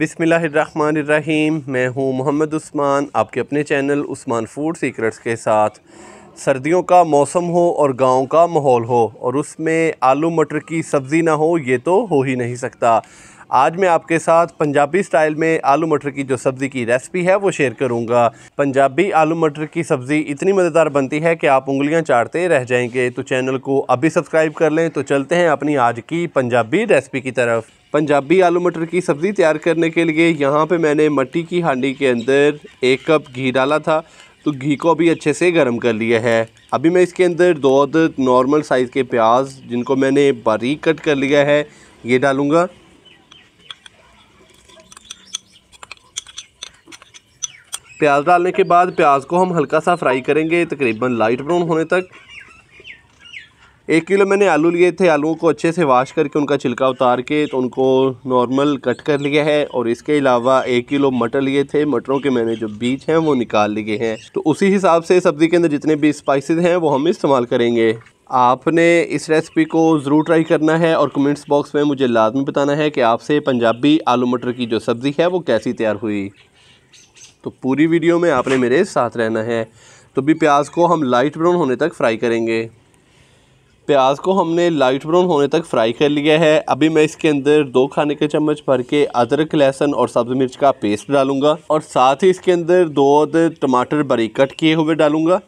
बिसमीम मैं हूं मोहम्मद उस्मान आपके अपने चैनल उस्मान फूड सीक्रेट्स के साथ सर्दियों का मौसम हो और गांव का माहौल हो और उसमें आलू मटर की सब्ज़ी ना हो ये तो हो ही नहीं सकता आज मैं आपके साथ पंजाबी स्टाइल में आलू मटर की जो सब्ज़ी की रेसिपी है वो शेयर करूँगा पंजाबी आलू मटर की सब्ज़ी इतनी मज़ेदार बनती है कि आप उंगलियाँ चाटते रह जाएंगे तो चैनल को अभी सब्सक्राइब कर लें तो चलते हैं अपनी आज की पंजाबी रेसिपी की तरफ पंजाबी आलू मटर की सब्ज़ी तैयार करने के लिए यहाँ पर मैंने मट्टी की हांडी के अंदर एक कप घी डाला था तो घी को भी अच्छे से गर्म कर लिया है अभी मैं इसके अंदर दो नॉर्मल साइज़ के प्याज जिनको मैंने बारीक कट कर लिया है ये डालूँगा प्याज डालने के बाद प्याज को हम हल्का सा फ्राई करेंगे तकरीबन लाइट ब्राउन होने तक एक किलो मैंने आलू लिए थे आलूओं को अच्छे से वाश करके उनका छिलका उतार के तो उनको नॉर्मल कट कर लिया है और इसके अलावा एक किलो मटर लिए थे मटरों के मैंने जो बीज हैं वो निकाल लिए हैं तो उसी हिसाब से सब्ज़ी के अंदर जितने भी स्पाइसेस हैं वो हम इस्तेमाल करेंगे आपने इस रेसिपी को ज़रूर ट्राई करना है और कमेंट्स बॉक्स में मुझे लाजमी बताना है कि आपसे पंजाबी आलू मटर की जो सब्ज़ी है वो कैसी तैयार हुई तो पूरी वीडियो में आपने मेरे साथ रहना है तो भी प्याज को हम लाइट ब्राउन होने तक फ्राई करेंगे प्याज को हमने लाइट ब्राउन होने तक फ्राई कर लिया है अभी मैं इसके अंदर दो खाने के चम्मच भर के अदरक लहसुन और सब्ज़ मिर्च का पेस्ट डालूंगा और साथ ही इसके अंदर दो टमाटर बरी कट किए हुए डालूंगा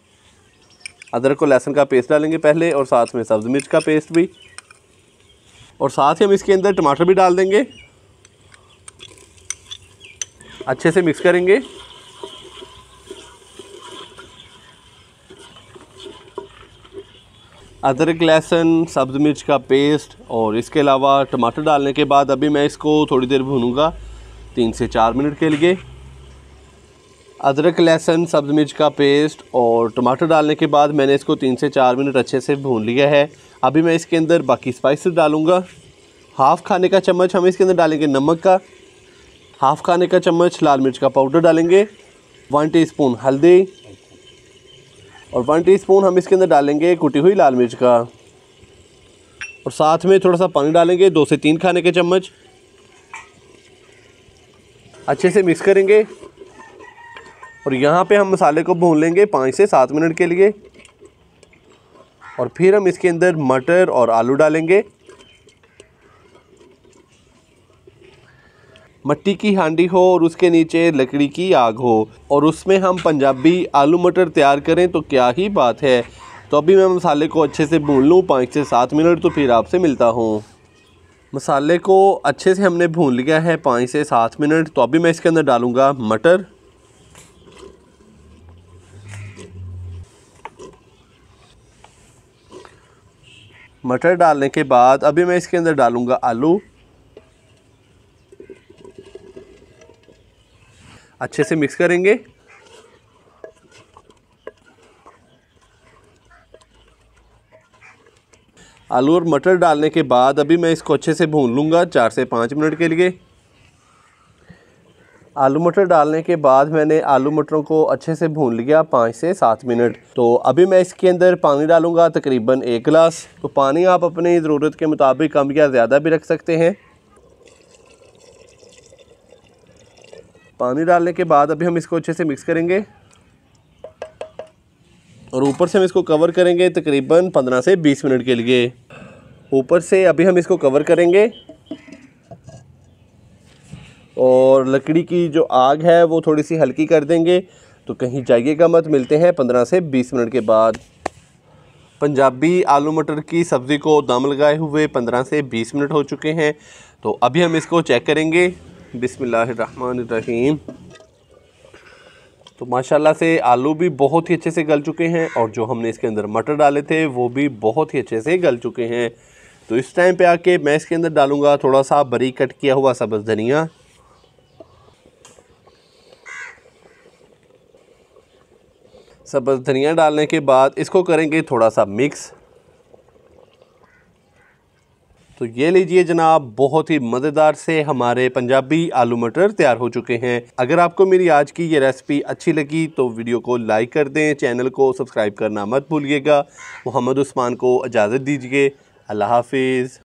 अदरक और लहसुन का पेस्ट डालेंगे पहले और साथ में सब्ज़ मिर्च का पेस्ट भी और साथ ही हम इसके अंदर टमाटर भी डाल देंगे अच्छे से मिक्स करेंगे अदरक लहसुन सब्ज़ मिर्च का पेस्ट और इसके अलावा टमाटर डालने के बाद अभी मैं इसको थोड़ी देर भूनूंगा तीन से चार मिनट के लिए अदरक लहसुन सब्ज़ मिर्च का पेस्ट और टमाटर डालने के बाद मैंने इसको तीन से चार मिनट अच्छे से भून लिया है अभी मैं इसके अंदर बाकी स्पाइसेस डालूंगा हाफ़ खाने का चम्मच हम इसके अंदर डालेंगे नमक का हाफ़ खाने का चम्मच लाल मिर्च का पाउडर डालेंगे वन टी हल्दी और वन टीस्पून हम इसके अंदर डालेंगे कुटी हुई लाल मिर्च का और साथ में थोड़ा सा पानी डालेंगे दो से तीन खाने के चम्मच अच्छे से मिक्स करेंगे और यहाँ पे हम मसाले को भून लेंगे पाँच से सात मिनट के लिए और फिर हम इसके अंदर मटर और आलू डालेंगे मट्टी की हांडी हो और उसके नीचे लकड़ी की आग हो और उसमें हम पंजाबी आलू मटर तैयार करें तो क्या ही बात है तो अभी मैं मसाले को अच्छे से भून लूँ पाँच से सात मिनट तो फिर आपसे मिलता हूँ मसाले को अच्छे से हमने भून लिया है पाँच से सात मिनट तो अभी मैं इसके अंदर डालूँगा मटर मटर डालने के बाद अभी मैं इसके अंदर डालूँगा आलू अच्छे से मिक्स करेंगे आलू और मटर डालने के बाद अभी मैं इसको अच्छे से भून लूँगा चार से पाँच मिनट के लिए आलू मटर डालने के बाद मैंने आलू मटरों को अच्छे से भून लिया पाँच से सात मिनट तो अभी मैं इसके अंदर पानी डालूँगा तकरीबन एक गिलास तो पानी आप अपनी ज़रूरत के मुताबिक कम या ज़्यादा भी रख सकते हैं पानी डालने के बाद अभी हम इसको अच्छे से मिक्स करेंगे और ऊपर से हम इसको कवर करेंगे तकरीबन पंद्रह से बीस मिनट के लिए ऊपर से अभी हम इसको कवर करेंगे और लकड़ी की जो आग है वो थोड़ी सी हल्की कर देंगे तो कहीं जाइएगा मत मिलते हैं पंद्रह से बीस मिनट के बाद पंजाबी आलू मटर की सब्ज़ी को दम लगाए हुए पंद्रह से बीस मिनट हो चुके हैं तो अभी हम इसको चेक करेंगे बिसमीम तो माशाल्लाह से आलू भी बहुत ही अच्छे से गल चुके हैं और जो हमने इसके अंदर मटर डाले थे वो भी बहुत ही अच्छे से गल चुके हैं तो इस टाइम पे आके मैं इसके अंदर डालूँगा थोड़ा सा बरी कट किया हुआ सब्ज़ धनिया सब्ज़ धनिया डालने के बाद इसको करेंगे थोड़ा सा मिक्स तो ये लीजिए जनाब बहुत ही मज़ेदार से हमारे पंजाबी आलू मटर तैयार हो चुके हैं अगर आपको मेरी आज की ये रेसिपी अच्छी लगी तो वीडियो को लाइक कर दें चैनल को सब्सक्राइब करना मत भूलिएगा मोहम्मद उस्मान को इजाज़त दीजिए अल्लाह हाफिज़